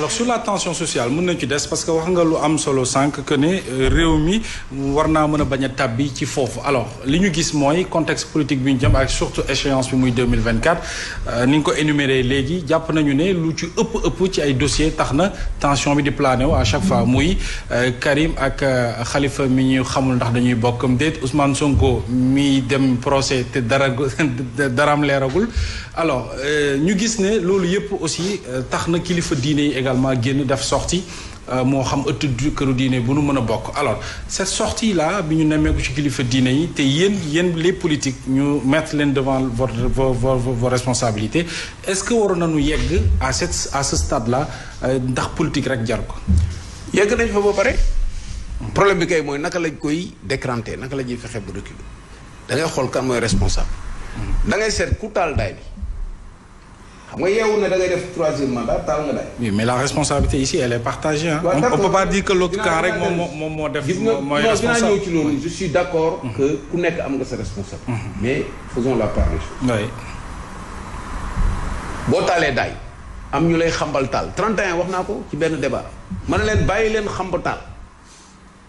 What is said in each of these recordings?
alors sur la tension sociale mun nañ ci des parce que wax nga lu am solo sànq que ne euh, réew mi war naa mën a bañ a tàbbi ci foofu alors li ñu gis mooy contexte politique bi ñu jëm ak surtout échéance bi muy 2024 euh, ni nga ko énuméré léegi jàpp nañu ne lu ci ëpp ëpp ci ay dossiers tax na tension bi di plané wu à chaque fois muy euh, Karim ak xalifa mi ñu xamul ndax dañuy bokkam déet Ousmane Sonko mi dem procès te dara daraam leeragul alors ñu gis ne loolu yëpp aussi tax na kilifa diine également génn def sortie euh, moo xam ëtt këru diine bu nu mën a bokk alors cette sortie là bi ñu nemmeeku ci kilifa diine yi te yéen yéen les politiques ñu mettre leen devant votre vos vos responsabilités est-ce que waroon nañu yegg à cette à ce stade euh, ndax politique rek jar ko. yegg nañ fa ba pare. problème bi kay mooy naka lañ koy décranter naka la ñuy fexe ba reculer da xool kan mooy responsable. Mm-hmm. da seet ku taal daay bi. xam nga yeewu na da ngay def troisième mandat taal nga daay. oui mais la responsabilité ici elle est moom moo def. mooy responsable dinaa ñëw ci loolu je mm-hmm. ku nekk am nga sa responsable. Mm-hmm. mais faisons la part des choses. oui. boo taalee am ñu lay xambal taal 31 wax naa ko ci benn débat ma ne leen bàyyi leen xamba taal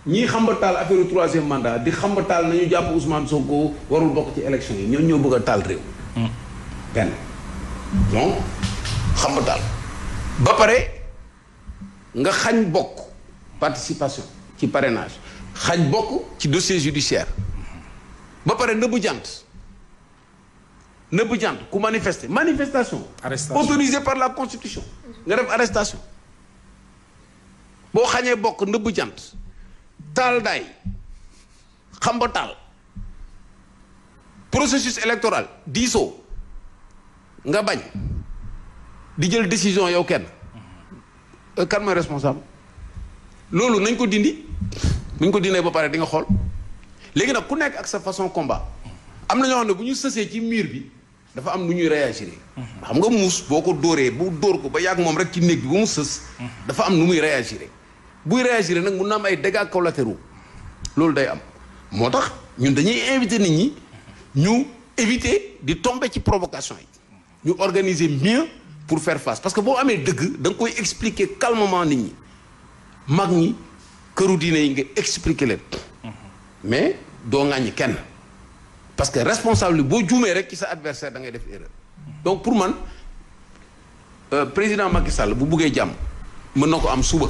ñii xamba taal affaire troisième mandat di xamba taal nañu jàpp Ousmane Sonko warul bokk ci élection yi ñoo ñoo bëgg a taal réew. Mm. benn. donc hmm? xam nga daal ba pare nga xañ bokk participation ci parrainage xañ bokk ci dossier judiciaire hmm. ba pare nëbbu jant nëbbu jant ku manifester manifestation autorisée par la constitution nga def arrestation boo xañee bokk nëbbu jant taal daay xamba taal processus électoral diisoo nga bañ di jël décision yow kenn euh, kan mooy responsable loolu nañ ko dindi buñ ko dindee ba pare di nga xool léegi nag ku nekk ak sa façon combat am na ñoo xam ne bu ñu sësee ci miir bi dafa am nu ñuy réagir xam nga muus boo ko dóoree bu dóor ko ba yàgg moom rek ci néeg bi ba mu sës dafa am nu muy réagir buy réagir nag mun na am ay dégâts collatéraux loolu day am moo tax ñun dañuy invité nit ñi ñu éviter di tomber ci provocation yi ñu organiser mieux pour faire face parce que boo amee dëgg da nga koy expliquer calmement nit ñi mag ñi këru diine yi nga expliquer leen mais doo ŋàññi kenn parce que responsable boo juumee rek ci sa adversaire da ngay def erreur donc pour man euh, président Macky Sall bu buggee jàmm mën na ko am suba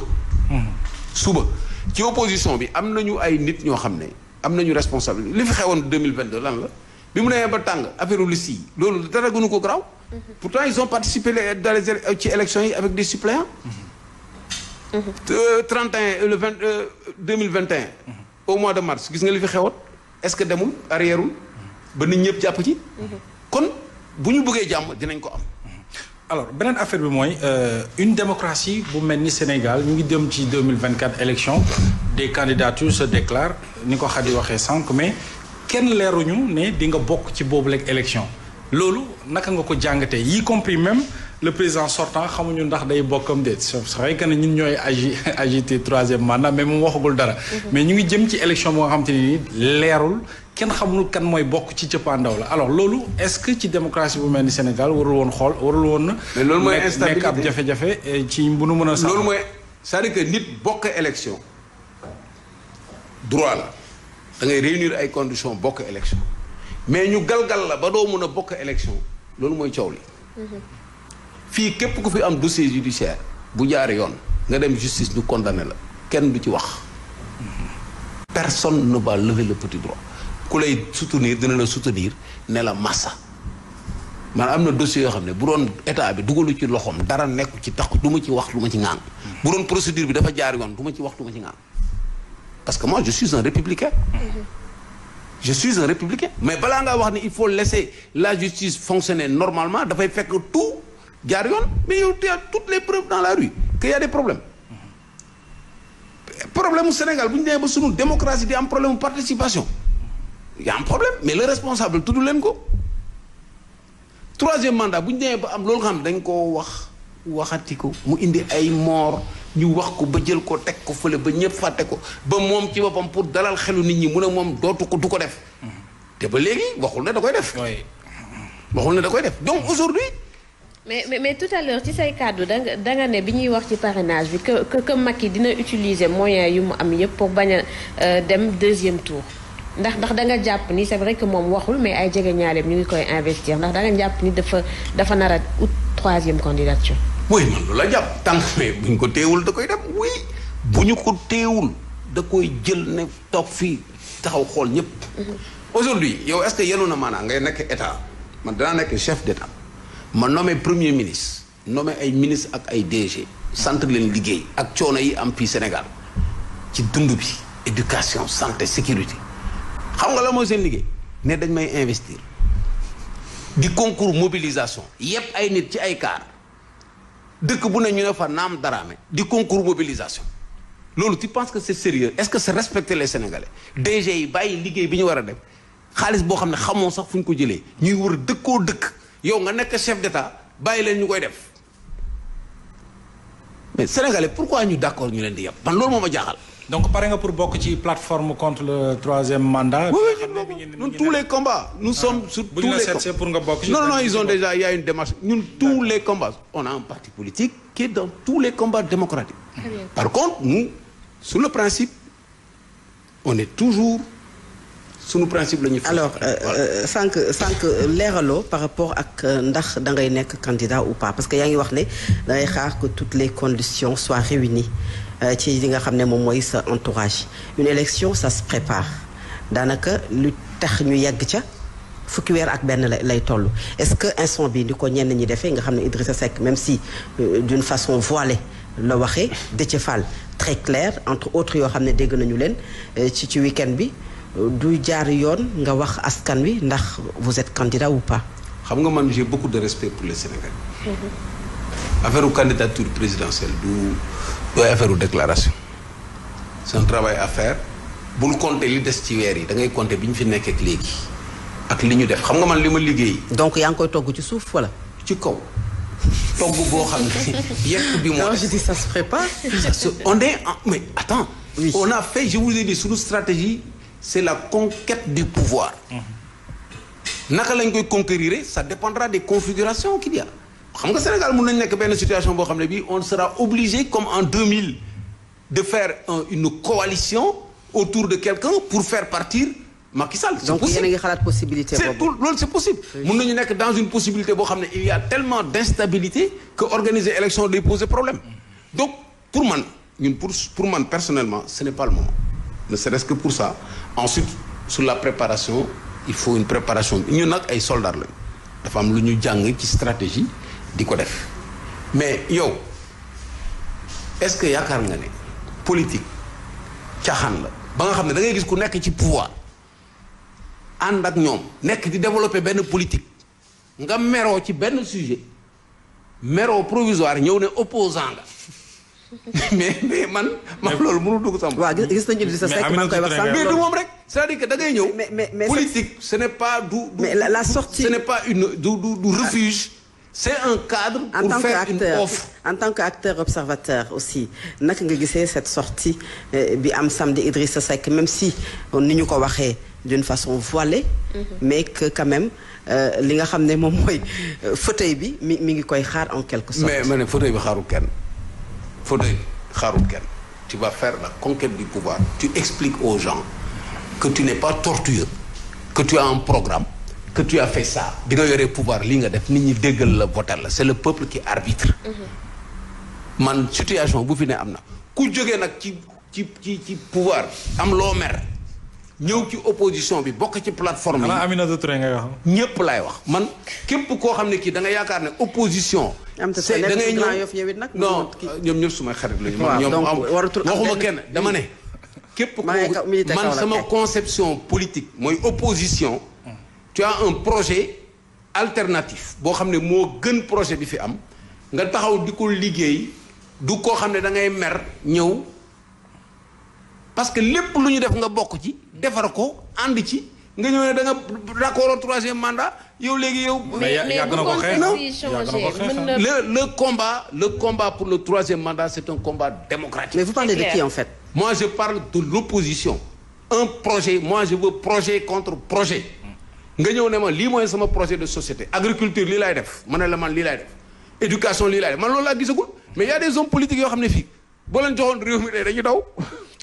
suba ci opposition bi am nañu ay nit ñoo xam ne am nañu responsable li fi xewoon 2022 lan la bi mu newee ba tàng affaire liste yi loolu dara gënu ko garaaw pourtant ils ont participé dans les ci élections yi avec des suppléants. 31 mhm. euh, euh, le 20 2021. Euh, au mois de mars gis nga li fi xewoon est-ce que demul arrièreul ba nit ñëpp jàpp ci. Mhm. kon bu ñu buggee jàmm dinañ ko am. Mhm. alors beneen affaire bi mooy une démocratie bu mel ni Sénégal ñu ngi dem ci 2024 élection des candidatures se déclarent ni ko Khady waxee sànq mais kenn leeruñu ne di nga bokk ci boobu leeg élection. loolu naka nga ko jàngatee y compris même le président sortant xamuñu ndax day bokkam de c'est vrai que ñu ngi ñooy agi agité troisième mandat mais moom waxagul dara mhm. mais ñu ngi jëm ci élection moo nga xam te ni leerul kenn xamul kan mooy bokk ci cëppaandaw la alors loolu est-ce que ci démocratie bu mel ni Sénégal warul woon xool warul woon na loolu mooy instabilité nekk ab jafe-jafe eh, ci bu nu mën a loolu mooy cest à que nit bokk élection droit la da ngay réunir ay conditions bokk élection mais ñu galgal la ba doo mun a bokk élection loolu mooy coow li. fii képp ku fi am dossier judiciaire bu jaar yoon nga dem justice ñu condamné la kenn du ci wax. personne ne va lever le petit droit ku lay soutenir dina la soutenir ne la massa man am na dossier yoo xam ne bu doon état bi dugalu ci loxoom dara nekku ci tax du ma ci wax du ma ci ŋaan bu doon procédure bi dafa jaar yoon du ma ci wax du ci ŋaan parce que moi je suis un républicain. je suis un républicain mais balaa ngaa wax ni il faut laisser la justice fonctionner normalement dafay fekk tout jaar yoon mais yow tu as toutes les preuves dans la rue que y a des problème mu Sénégal bu ñu demee ba sunu démocratie di am problème participation y am un problème mais le responsable tudd leen ko troisième mandat bu ñu demee ba am loolu nga xam dañ koo wax waxati ko mu indi ay mort ñu wax ko ba jël ko teg ko fële ba ñëpp fàtte ko ba moom ci boppam pour dalal xelu nit ñi mu ne moom dootu ko du ko def te ba léegi waxul ne da koy def waxul ne da koy def donc aujourd'hui mais mais mais tout ci say kàddu da nga bi ñuy wax ci parrainage bi que que que Macky dina utiliser moyens yu mu am yëpp pour bañ a euh, dem deuxième tour ndax ndax da nga jàpp ni c'est vrai que moom waxul mais ay jege ñaaleem ñu ngi koy investire ndax da nga jàpp ni dafa dafa nar a ut troisième candidature. mooy man la jàpp tànk mais bu ñu ko téewul da koy dem oui bu ñu ko téewul da koy jël ne toog fii taxaw xool ñëpp. Mm-hmm. aujourd'hui yow est-ce que yenu na maanaam ngay nekk état man danaa nekk chef d'état ma nommé premier ministre nommé ay ministre ak ay DG. sant leen liggéey ak coono yi am fii Sénégal ci dund bi éducation santé sécurité xam nga la mooy seen liggéey ne dañ may investir di concours mobilisation yépp ay nit ci ay kaar dëkk bu ne ñu ne fa naam daraame di concours mobilisation loolu tu penses que c'est sérieux est-ce que c'est respecte les sénégalais DG yi bàyyi liggéey bi ñu war a def xaalis boo xam ne xamoo sax fu ñu ko jëlee ñuy war dëkkoo dëkk yow nga nekk chef d'état bàyyi leen ñu koy def mais sénégalais pourquoi ñu d'accord ñu leen di yàpp man loolu moom ma jaaxal. donc pare nga pour bokk ci plateforme contre le troisième mandat. oui oui ñun tous les combats. nous ah. sommes sur tous les pour nga bokk non non ils ont déjà il y a une démarche ñun tous les combats. on a un parti politique qui est dans tous les combats démocratiques. par contre nous sur le principe on est toujours. sunu principe la ñuy alors euh, euh, sànq sànq leeraloo par rapport ak euh, ndax da ngay nekk candidat ou pas parce que yaa ngi wax ne da xaar que toutes les conditions soient réunies. Euh, ci li nga xam ne moom mooy sa entourage une élection sa se prépare daanaka lu tax ñu yegg ca fukki weer ak benn lay toll est-ce que instant bi ni ko ñenn ñi defee nga xam ne Idrissa Seck même si euh, d'une façon voilée la waxee Déthié Fall très clair entre autres yoo xam ne dégg nañu leen euh, ci ci week bi du jaar yoon nga wax askan wi ndax vous êtes candidat ou pas xam nga man j'ai beaucoup de respect pour les Sénégalais mm-hmm. affaire u candidature présidentielle du dooy affaire déclaration c'est un affaire à faire bul compter li des ci weer yi da ngay compter bi ñu fi nekk léegi ak li ñu def xam nga man li ma liggéey. donc yaa ngi koy togg ci suuf wala. ci kaw togg boo xam ne yekk bi moo. non je on est mais attends. Oui. on a fait je vous ai dit suñu stratégie c'est la conquête du pouvoir. Mm-hmm. naka lañ koy conquérir sa dépendra des configuration qu'il y xam nga Sénégal mun nañ nekk benn situation boo xam ne bii on sera obligé comme en 2000 de faire une coalition autour de quelqu'un pour faire partir Macky Sall. c'est possible donc yéen a ngi xalaat possibilité boobu loolu c'est possible. mun nañu nekk dans une possibilité boo xam ne il y a tellement d'instabilité que organiser élection day poser problème donc pour man ñun pour pour man personnellement ce n'est pas le moment ne serait-ce que pour ça ensuite sur la préparation il faut une préparation ñun nag ay soldats lañu dafa am lu ñu jàng ci stratégie. di ko def mais yow est-ce que yaakaar nga ne politique caaxaan la ba nga xam ne da ngay gis ku nekk ci pouvoir ànd ak ñoom nekk di développer benn politique nga meroo ci benn sujet meroo provisoire ñëw ne opposant nga mais mais man. man loolu mënul dugg sama. waaw gis nañu di sa sekk maa ngi koy wax sànq. moom rek c'est-à-dire ngay ñëw. mais mais politique ce n'est pas du. pas une du du c'est un cadre en pour faire acteur, en tant qu'acteur observateur aussi naka nga gisee cette sortie eh, bi am samedi Idrissa Seck même si ni ñu ko waxee d'une façon voilée mhm. mais que quand euh, li nga xam ne moom mooy euh, fauteuil bi mi mi ngi koy xaar en quelque sorte mais ma ne fauteuil bi xaarul kenn fauteuil xaarul kenn tu vas faire la conquête du pouvoir tu expliques aux gens que tu n'es pas tortueux que tu as un programme que tu as fait ça bi nga yoree pouvoir li nga def nit ñi déggal la votal la c'est le peuple qui arbitre mm-hmm. man situation bu fi ne am na ku jóge nag ci ci ci ci pouvoir am loo mer ñëw ci opposition bi bokk ci plateforme yi Aminata Touré ngay wax laay wax man képp koo xam ne kii da nga yaakaar ne opposition c'est da ngay ñëw non ñoom ñëpp sumay xarit lañu man ñoom am waxuma kenn dama ne képp ko man sama conception politique mooy opposition tu as un projet alternatif boo xam ne moo gën projet bi fi am nga taxaw di ko liggéey du koo xam ne da ngay mer ñëw parce que lépp lu ñu def nga bokk ci defar ko ànd ci nga ñëw ne da nga d'accord au troisième mandat yow léegi yow. mais yàgg na ko xeex mais le le combat le combat pour le troisième mandat c'est un combat démocratique. mais vous parlez en fait. moi je parle de l'opposition un projet moi je veux projet contre projet. nga ñëw ne ma lii mooy sama projet de société agriculture lii laay def ma ne la man lii laay def éducation lii laay def man loolu laa gisagul mais y a des hommes politiques yoo xam ne fii boo leen joxoon réew mi de dañuy daw.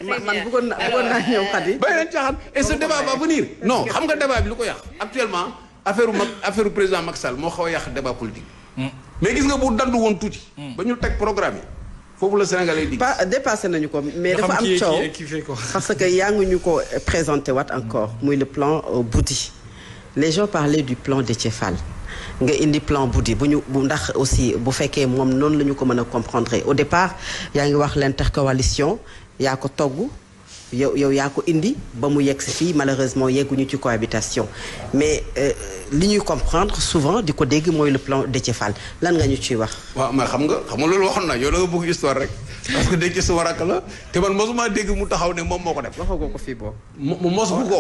man man bëggoon naa bëggoon naa ñëw xat yi. bàyyi leen xam nga débat lu ko yàq actuellement affaire mag affaire président Macky Sall moo xaw a yàq débat politique. mais gis nga bu dandu woon tuuti. ba ñu teg programme yi. foofu la Sénégalais di. pas dépassé nañu ko mais dafa am coow parce que yaa ngi ñu ko présenté waat encore muy le plan Bouti. les gens parlaient du plan Déthié Fall nga indi plan Boudy bu ñu bu ndax aussi bu fekkee moom noonu la ñu ko mën a comprendre au départ yaa ngi wax l'intercoalition yaa ko togg yow yow yaa ko indi ba mu yegg si fii malheureusement yegguñu ci cohabitation mais euh, li ñuy comprendre souvent di ko dégg mooy le plan Déthié Fall lan nga ñu ci wax. waaw mais xam nga xam nga loolu waxoon na yow la nga bëgg histoire rek. parce que denc suma rakk la te man mosuma dégg mu taxaw ne moom moo ko def. waxoo ko fii ko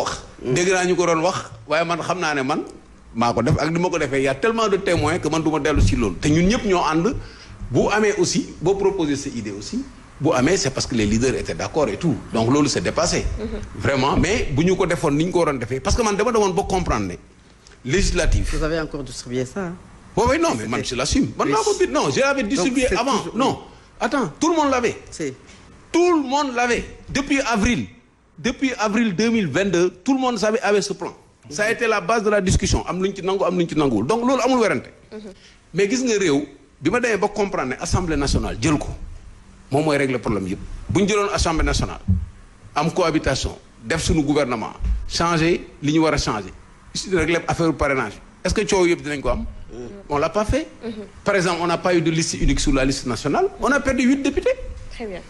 wax. Mm. dégg naa ñu ko doon wax waaye man xam naa ne man maa ko def ak ni ma ko defee y' a de témoins que man du ma dellu si loolu. te ñun ñëpp ñoo ànd bu amee aussi boo proposer sa idée aussi bu amee c' est parce que les leaders étaient d' accord et tout donc loolu c' dépassé. Mm-hmm. vraiment mais bu ñu ko defoon ni ñu ko waroon parce que man dama demoon ba comprendre attends tout le monde l'avait si tout le monde l'avait depuis avril depuis avril 2022 tout le monde savait avait ce plan ça a été la base de la discussion am lu ñu ci nangu am lu ñu ci nanguwul donc loolu amul werante mhm. mais gis nga réew bi ma demee ba comprendre ne assemblée nationale jël ko moom mooy régler problème yëpp bu ñu jëloon assemblée nationale am cohabitation def suñu gouvernement changer li ñu war a changer régler affaire parrainage est-ce que coow yëpp dinañ ko am on l'a pas fait. Mm-hmm. par exemple on n'a pas eu de liste unique sur la liste nationale on a perdu huit députés. très bien.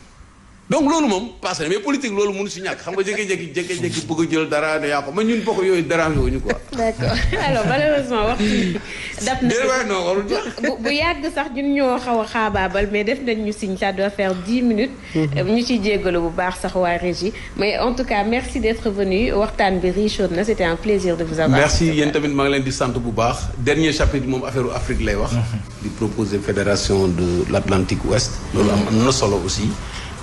donc loolu moom passé na mais politique loolu mënu si ñàkk xam nga jékki-jékki jékki-jékki bëgg a jël dara ne yaa ko man ñun bokk yooyu dérangé wuñu quoi. d'accord alors malheureusement wax dab na bu bu yàgg sax ñun ñoo xaw a xaabaabal mais def nañ ñu signe ça doit faire dix minutes. Mhm. ñu ciy jégalu bu baax sax waa régie mais en tout cas merci d'être venu waxtaan bi riche na c'était un plaisir de vous avoir. merci yéen tamit maa ngi leen di sant bu baax dernier chapitre moom affaire Afrique lay wax. Mhm. di fédération de l'Atlantique Ouest. loolu am na solo aussi.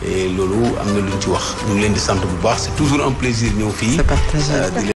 et loolu am na lu ñu ci wax ñu ngi leen di sant bu baax c'est toujours un plaisir ñëw fii.